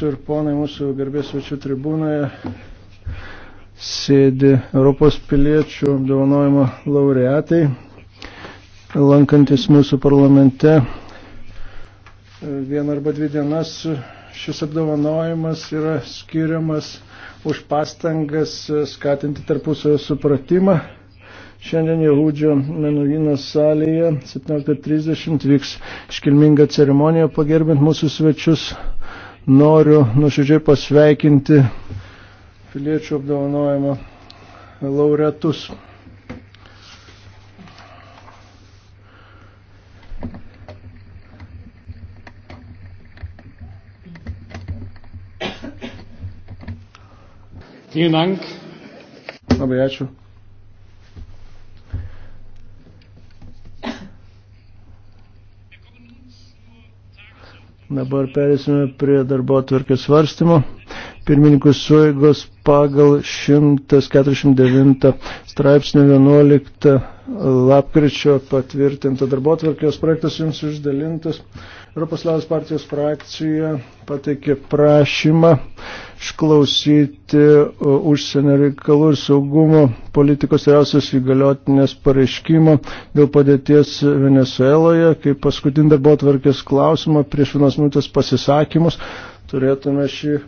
Čia ir ponai mūsų garbės svečių tribūnoje sėdi Europos piliečių apdovanojimo laureatai, lankantis mūsų parlamente. Vieną arba dvi dienas šis apdovanojimas yra skiriamas už pastangas skatinti tarpusavio supratimą. Šiandien Jehudžio Menuvino salėje 17.30 vyks iškilminga ceremonija pagerbint mūsų svečius Noriu nuširdžiai pasveikinti piliečių apdovanojimo laureatus. Vielen Dank. Labai ačiū. Dabar perėsime prie darbo atvarkės svarstymo. Pirmininkų suėgos pagal 149 straipsnio 11 lapkričio patvirtinta darbo tvarkės projektas jums išdalintas. Europos Liaudės partijos frakcija pateikė prašymą išklausyti uh, užsienio reikalų ir saugumo politikos vyriausios įgaliotinės pareiškimo dėl padėties Venezueloje, kaip paskutinį darbo tvarkės klausimą prieš vienos minutės pasisakymus turėtume šį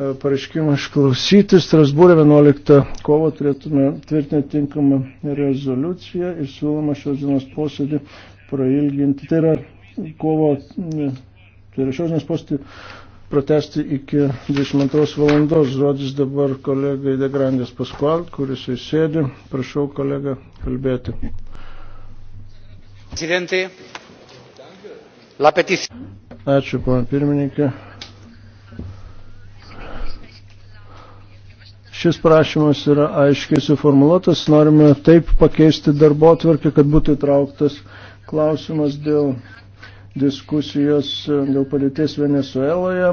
E, pareiškimą išklausyti. Strasbūrė 11 kovo turėtume tvirtinti tinkamą rezoliuciją ir siūloma šios dienos posėdį prailginti. Tai yra kovo, tai yra šios dienos posėdį pratesti iki 22 valandos. Žodis dabar kolegai Degrandės Paskual, kuris įsėdi. Prašau kolegą kalbėti. Ačiū, pana pirmininkė. Šis prašymas yra aiškiai suformuoluotas, norime taip pakeisti darbo atvarkę, kad būtų įtrauktas klausimas dėl diskusijos dėl padėties Venezueloje,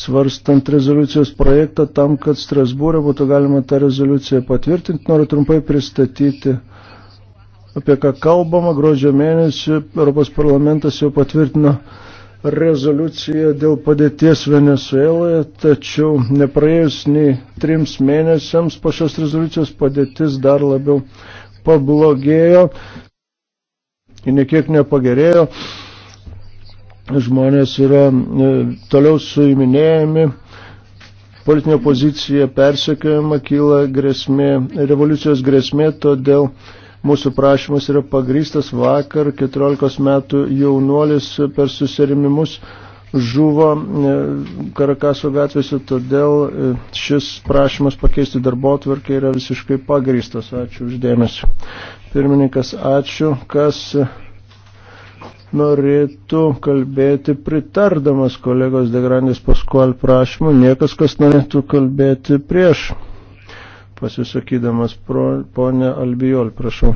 svarstant rezoliucijos projektą tam, kad Strasbūrė būtų galima tą rezoliuciją patvirtinti. Noriu trumpai pristatyti, apie ką kalbama. Gruodžio mėnesį Europos parlamentas jau patvirtino rezoliuciją dėl padėties Venezueloje, tačiau nepraėjus nei trims mėnesiams po šios rezoliucijos padėtis dar labiau pablogėjo ir nekiek nepagerėjo. Žmonės yra e, toliau suiminėjami, politinė pozicija persekiojama, kyla grėsmė, revoliucijos grėsmė, todėl mūsų prašymas yra pagrystas vakar 14 metų jaunuolis per susirimimus žuvo e, Karakaso gatvėse, todėl e, šis prašymas pakeisti darbo tvarkį yra visiškai pagrystas. Ačiū uždėmesi. Pirmininkas, ačiū. Kas norėtų kalbėti pritardamas kolegos Degrandės Paskual prašymu, niekas, kas norėtų kalbėti prieš pasisakydamas. Pro, ponė Albijol, prašau.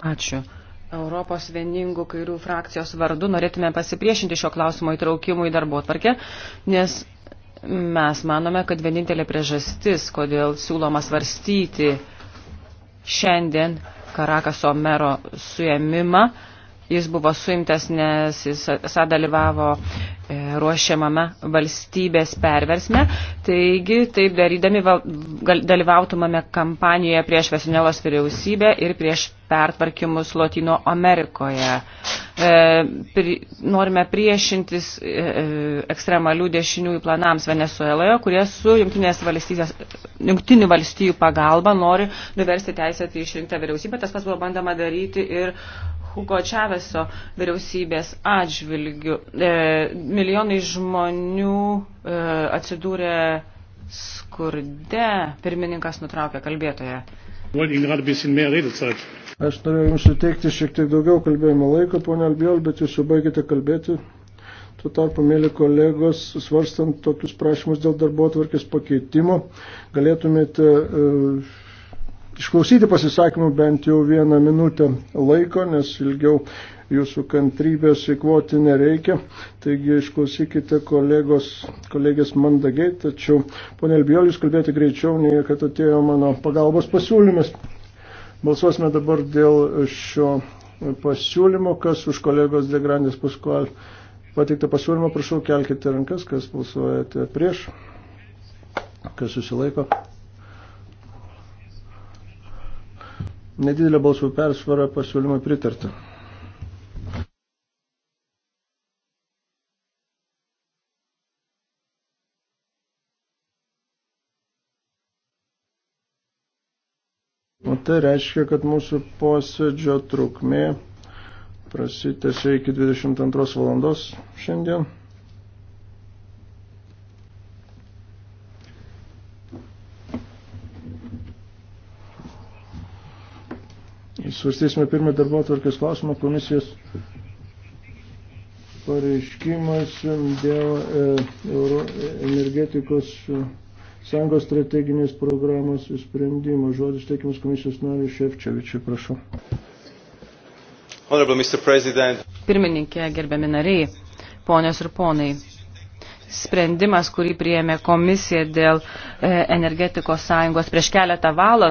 Ačiū. Europos vieningų kairių frakcijos vardu norėtume pasipriešinti šio klausimo įtraukimui į darbo atvarkę, nes mes manome, kad vienintelė priežastis, kodėl siūloma svarstyti šiandien Karakaso mero suėmimą, jis buvo suimtas, nes jis sadalyvavo E, ruošiamame valstybės perversme. Taigi, taip darydami dalyvautumame kampanijoje prieš Vesinėlos vyriausybę ir prieš pertvarkimus Lotino Amerikoje. E, norime priešintis e, ekstremalių dešiniųjų planams Venezueloje, kurie su jungtinių valstybių pagalba nori nuversti teisę tai išrinktą vyriausybę. Tas pas buvo bandama daryti ir Hugo Čaveso vyriausybės atžvilgių. E, milijonai žmonių e, atsidūrė skurde. Pirmininkas nutraukė kalbėtoje. Aš norėjau Jums suteikti šiek tiek daugiau kalbėjimo laiko, ponia Albiol, bet Jūs jau baigėte kalbėti. Tuo tarpu, mėly kolegos, svarstant tokius prašymus dėl darbo atvarkės pakeitimo, galėtumėte. E, išklausyti pasisakymų bent jau vieną minutę laiko, nes ilgiau jūsų kantrybės įkvoti nereikia. Taigi išklausykite kolegos, kolegės mandagiai, tačiau ponė Elbijolis kalbėti greičiau, nei kad atėjo mano pagalbos pasiūlymas. Balsuosime dabar dėl šio pasiūlymo, kas už kolegos Degrandės Paskual pateiktą pasiūlymą, prašau, kelkite rankas, kas balsuojate prieš, kas susilaiko. nedidelė balsų persvara pasiūlymui pritarta. O tai reiškia, kad mūsų posėdžio trukmė prasitęsė iki 22 valandos šiandien. Svarstysime pirmą darbo atvarkės klausimą komisijos pareiškimas dėl e, Euro e, energetikos e, sąjungos strateginės programos sprendimo. Žodis teikimas komisijos nariui Šefčevičiui, prašau. Pirmininkė, gerbiami nariai, ponios ir ponai, sprendimas, kurį priėmė komisija dėl energetikos sąjungos prieš keletą valandų,